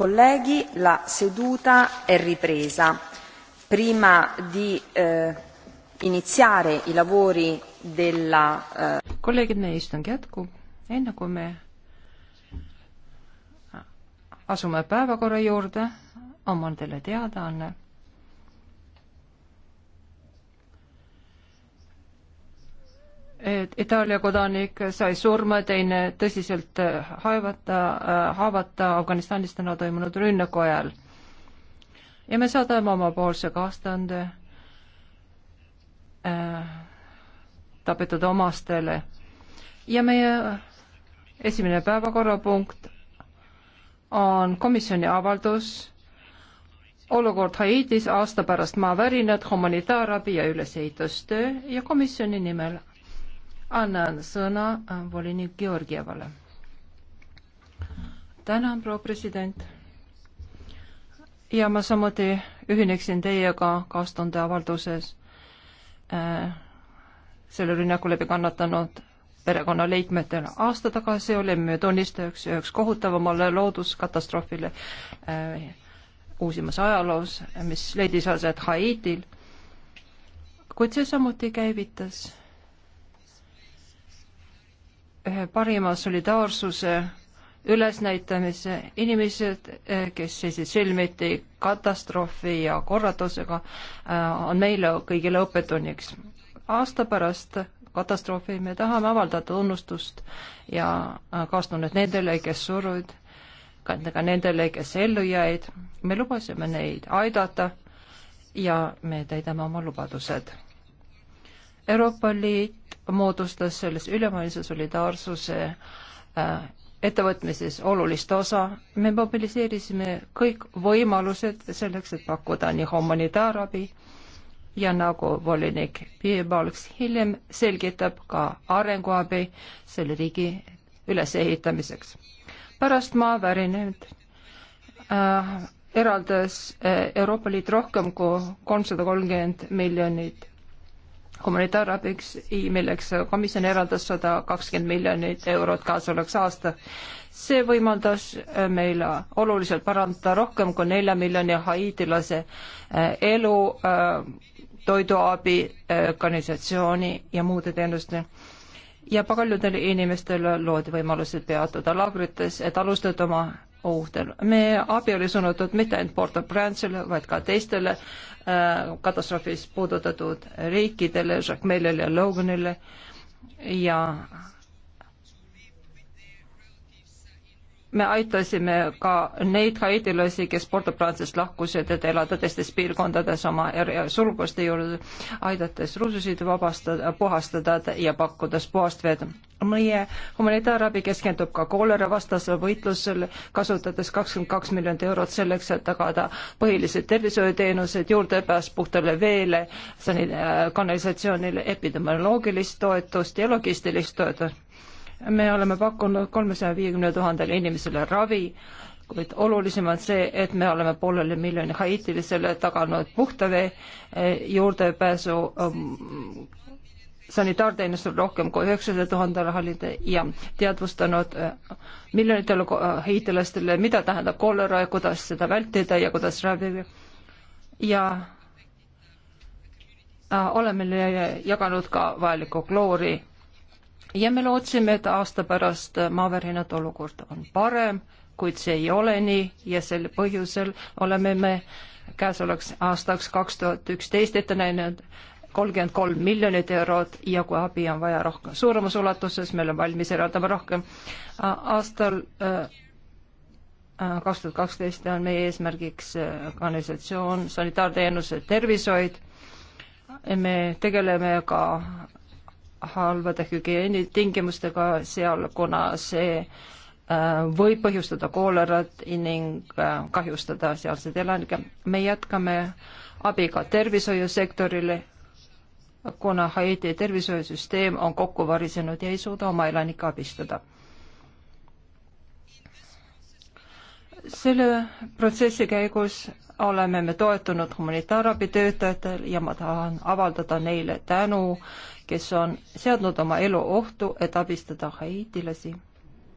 colleghi, la seduta è ripresa. Prima di eh, iniziare i lavori della... Eh... Kolleegid, meie istung jätkub. Enne kui me ah, asume päevakorra juurde, on mul teile teadaanne et Itaalia kodanik sai surma, teine tõsiselt äh, haevata, äh, haavata Afganistanis täna toimunud rünnaku ajal. ja me saadame omapoolse kaastande äh, tapetud omastele ja meie esimene päevakorrapunkt on komisjoni avaldus olukord Haitis aasta pärast maavärinad, humanitaarabi ja ülesehitustöö ja komisjoni nimel annan sõna äh, volinik Georgievale. tänan, proua president. ja ma samuti ühineksin teiega kaastunde avalduses äh, selle rünnaku läbi kannatanud perekonnaliikmetel. aasta tagasi olime tunnistajaks üheks kohutavamale looduskatastroofile äh, uusimas ajaloos, mis leidis aset Haitil, kuid see samuti käivitas parima solidaarsuse ülesnäitamise inimesed, eh, kes seisid silmiti katastroofi ja korratusega, eh, on meile kõigile õppetunniks. aasta pärast katastroofi me tahame avaldada tunnustust ja eh, kaastunnet nendele, kes suruid, ka nendele, kes ellu jäid. me lubasime neid aidata ja me täidame oma lubadused. Euroopa Liit moodustas selles ülemaailmse solidaarsuse äh, ettevõtmises olulist osa. me mobiliseerisime kõik võimalused selleks, et pakkuda nii humanitaarabi ja nagu volinik Piebalgs hiljem selgitab, ka arenguabi selle riigi ülesehitamiseks. pärast maavärinat äh, eraldas äh, Euroopa Liit rohkem kui kolmsada kolmkümmend miljonit humanitaarabiks, milleks komisjon eraldas sada kakskümmend miljonit eurot käesolevaks aastaks. see võimaldas meil oluliselt parandada rohkem kui nelja miljoni haiidilase äh, elu, äh, toiduabi, organisatsiooni äh, ja muude teenuste ja paljudele inimestele loodi võimalused peatuda laagrites, et alustada oma ohtel. meie abi oli suunatud mitte ainult Port-au-Prince'ile, vaid ka teistele äh, katastroofis puudutatud riikidele, Jacques Mellile ja Loganile ja me aitasime ka neid haitilasi, kes Porto-Prantsusest lahkusid, et elada teistes piirkondades oma sulguste juurde, aidates ruususid vabastada, puhastada ja pakkudes puhast vett. meie humanitaarabi keskendub ka kooleravastasele võitlusele, kasutades kakskümmend kaks miljonit eurot selleks, et tagada põhilised tervishoiuteenused, juurdepääs puhtale veele, kanalisatsioonile, epidemioloogilist toetust ja logistilist toetust me oleme pakkunud kolmesaja viiekümne tuhandele inimesele ravi, kuid olulisem on see, et me oleme poolele miljoni haitilisele taganud puhta vee eh, juurdepääsu um, sanitaarteenustel rohkem kui üheksasada tuhandele hallide ja teadvustanud eh, miljonitele heitilastele, eh, mida tähendab kolera ja kuidas seda vältida ja kuidas ravida. ja oleme jaganud ka vajalikku kloori ja me lootsime, et aasta pärast maavärinate olukord on parem, kuid see ei ole nii ja sel põhjusel oleme me käesolevaks aastaks kaks tuhat üksteist ette näinud kolmkümmend kolm miljonit eurot ja kui abi on vaja rohkem, suuremas ulatuses, me oleme valmis eraldama rohkem. aastal äh, äh, kaks tuhat kaksteist on meie eesmärgiks äh, kanalisatsioon, sanitaarteenused, tervishoid. me tegeleme ka halvade hügieenitingimustega seal, kuna see äh, võib põhjustada koolerat ning äh, kahjustada sealseid elanikke. me jätkame abi ka tervishoiusektorile, kuna Haiti tervishoiusüsteem on kokku varisenud ja ei suuda oma elanikke abistada selle protsessi käigus oleme me toetunud humanitaarabitöötajatel ja ma tahan avaldada neile tänu, kes on seadnud oma elu ohtu, et abistada haiitilasi